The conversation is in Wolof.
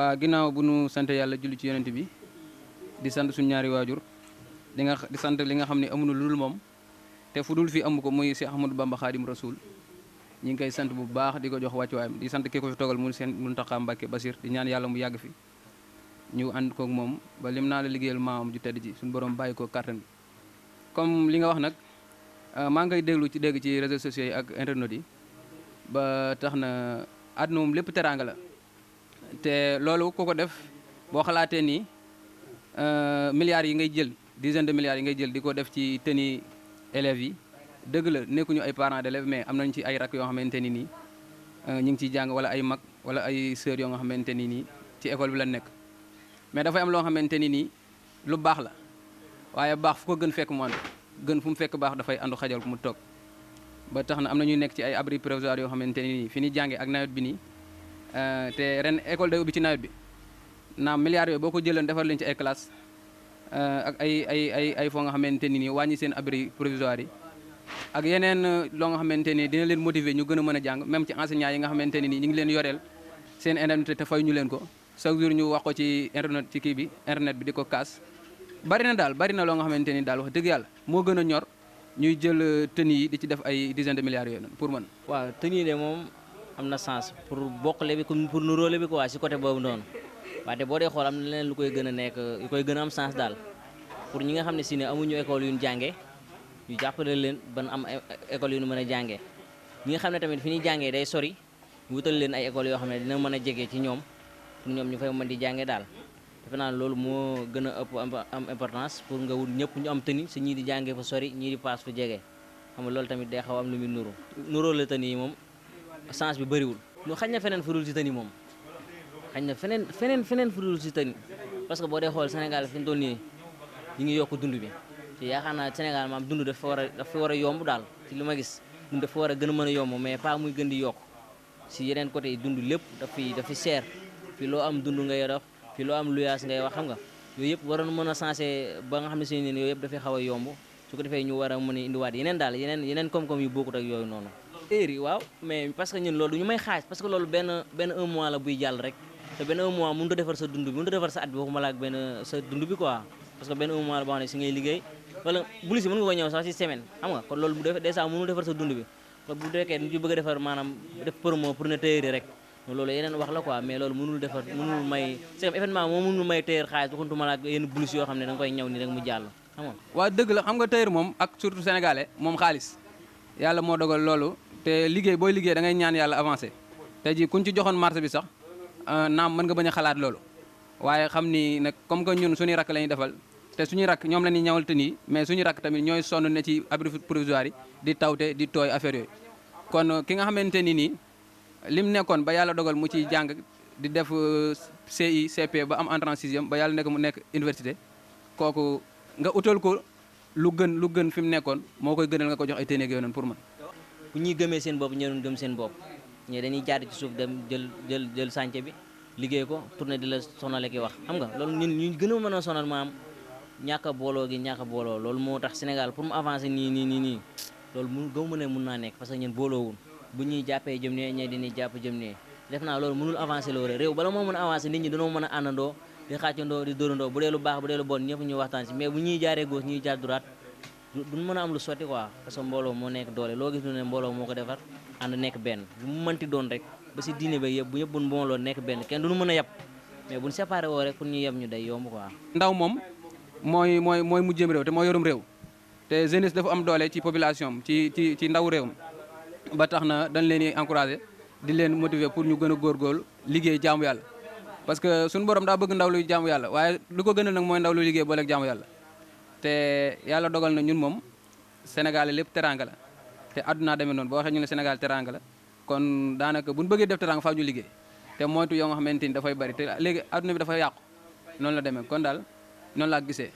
waa ginnaaw bu nu sante yàlla julli ci yonent bi di sant suñ ñaari waajur di nga di sant li nga xam ne amuñu lu dul moom te fu dul fi amu ko muy si Ahmadou Bamba Xaadim Rasul ñi ngi koy sant bu baax di ko jox wàcc wàccuwaayam di sant ki ko fi toogal mu seen Muntaxa Mbàkke Basir di ñaan yàlla mu yàgg fi ñu ànd kook moom ba lim naa la liggéeyal maamam ju tedd ji suñu borom bàyyi ko kàttan bi comme li nga wax nag euh, maa ngay déglu ci dégg ci réseaux sociaux yi ak internet yi ba tax na àdduna moom lépp la te loolu ku ko def boo xalaatee ni euh, milliards yi ngay jël dizaine de milliards ngay jël di ko def ci tenue élèves yi dëgg la nekkuñu ay parent parents d'élèves mais am nañ ci ay rak yoo xamante ni nii euh, ñu ngi ciy jàng wala ay mag wala ay sër yoo nga xamante ni nii ci école bi la nekk mais dafay am loo xamante ni nii lu baax la waaye baax fu ko gën fekk mu ànd gën fu mu fekk baax dafay àndu xajal mu toog ba tax na am na ñuy nekk ci ay abri provisoire yoo xamante ni nii fi ñuy jàngee ak nawet bi nii Eh, te ren école day ubbi ci nawet bi naam milliards yooyu boo ko jëloon defar leen ci ay classes eh, ay ay ay ay foo nga xamante ni nii wàññi seen abri provisoire yi ak yeneen eh, loo nga xamante ni dina leen motiver ñu gën a mën a jàng même ci enseignants yi nga xamante ne nii ñu ngi leen yoreel seen indemnité te fay ñu leen ko chaque jour ñu wax ko ci internet ci kii bi internet bi di ko kaas. bari na daal bari na loo nga xamante ni daal wax dëgg yàlla moo gën ñor ñuy jël tenue yi di ci def ay dizaine de milliards yooyu pour man. am na sens pour bokkale bi comme pour si côté boobu noonu wante boo dee xool am na leneen lu koy gën a nekk lu koy gën a am sens daal pour ñi nga xam ne si ne amuñu école yu ñu jàngee ñu jàppale leen ban am école yu ñu mën a jàngee ñi nga xam ne tamit fi ñuy jàngee day sori wutal leen ay école yoo xam ne mën a jege ci ñoom pour ñoom ñu fay mën di jàngee daal defe naa loolu moo gën a ëpp am importance pour nga wut ñëpp ñu am tëni si ñii di jàngee fa sori ñii di paas fa jege xam loolu tamit day xaw am lu muy nuru nuroo la tëni moom chance bi wul lu xañ na feneen furul si tani mom xañ na fenen fenen feneen furul si tani parce que bo dee xol Sénégal fiñ mu ni nii ngi yok dundu bi ci yaakaar naa Sénégal maam dundu dafa war a dafa war a yomb dal ci luma gis dund dafa wara gëna mëna yomb mais pa muy gëndi di ci si côté dundu lepp da fi da fi cher fi lo am dundu ngay dox fi lo am luyas ngay wax xam nga yooyu yëpp waroon mën a sensé ba nga xamni seen si ne yep da dafay xaw yomb su ko defé ñu wara mëna indi a yenen dal yenen yenen kom kom yu bokut ak yoy nonu heure yi waaw mais parce que ñun loolu ñu may xaaj parce que loolu benn benn un mois la buy jàll rek te benn un mois mënut a defar sa dund bi mënut a defar sa at bi waxuma la ak benn sa dund bi quoi parce que benn un mois la boo xam ne si ngay liggéey wala bu si mën nga ko ñëw sax si semaine xam nga kon loolu bu def dèjà mënul defar sa dund bi kon bu fekkee ñu bëgg a defar maanaam def promo pour ne tailleur rek loolu yeneen wax la quoi mais loolu mënul defar mënul may c'est comme événement moo mënul may tailleur xaalis waxuntuma la ak yenn blouse yoo xam ne da nga koy ñëw ni rek mu jàll xam nga waaw dëgg la xam nga tailleur moom ak surtout sénégalais moom xaalis yàlla moo dogal loolu te liggéey booy liggéey da ngay ñaan yàlla avancé te jii kuñ ci joxoon marché bi sax euh, naam mën nga bañ xalaat loolu waaye xam ni nag comme que ñun suñuy rakk la ñuy defal te suñuy rakk ñoom la ñuy ñawal te nii mais suñuy rakk tamit ñooy sonn ne ci abri provisoire yi di tawte di tooy affaire yooyu kon ki nga xamante ni nii lim nekkoon ba yàlla dogal mu ciy jàng di def euh, CI CP ba am entrant sixième ba yàlla nekk mu nekk université kooku nga utal ko lu gën lu gën fi mu nekkoon moo koy gënal nga ko jox ay téenéeg yooyu pour man bu ñuy gëmee seen bopp ñoo doon gëm seen bopp ñee dañuy jaar ci suuf dem jël jël jël sànce bi liggéey ko tourné di la sonale ki wax xam nga loolu ñun ñu gën a mën a sonal maam ñàkk booloo gi ñàkk a booloo loolu moo tax Sénégal pour mu avancer nii nii nii nii loolu mun gëmuma nekk parce que ñun booloowul bu ñuy jàppee jëm nee ñee dañuy jàpp jëm nee def naa loolu mënul avancer loolu réew bala moo mën a nit ñi dañoo mën a àndandoo di xàccandoo di dóorandoo bu dee lu baax bu dee lu bon ñëpp ñuy waxtaan si mais bu ñuy jaaree gauche ñuy jaar droite duñ mën a am lu sotti quoi parce que mbooloo moo nekk doole loo gis ñu ne mbooloo moo ko defar ànd nekk benn bu mu mënti doon rek ba si diine ba yëpp bu yëpp bu mbooloo nekk benn kenn a yab mais buñ mooy mooy mooy mujjëm réew te moo yorum réew te jeunesse dafa am doole ci population ci ci ci ndaw réew ba tax na dañ leen di encouragé di leen motiver pour ñu gën a góor liggéey jaamu yàlla parce que suñu borom daa bëgg ndaw luy jaamu yàlla waaye lu ko gënal nag mooy ndaw lu liggéey booleeg jaamu yàlla te yàlla dogal na ñun moom Sénégal lépp teranga la te àdduna demee noonu boo waxee ñu ne Sénégal teranga la kon daanaka bu ñu bëggee def teranga faaw ñu liggéey te moytu yoo nga xamante ni dafay bari te léegi àdduna bi dafay yàqu noonu la demee kon daal noonu laa gisee.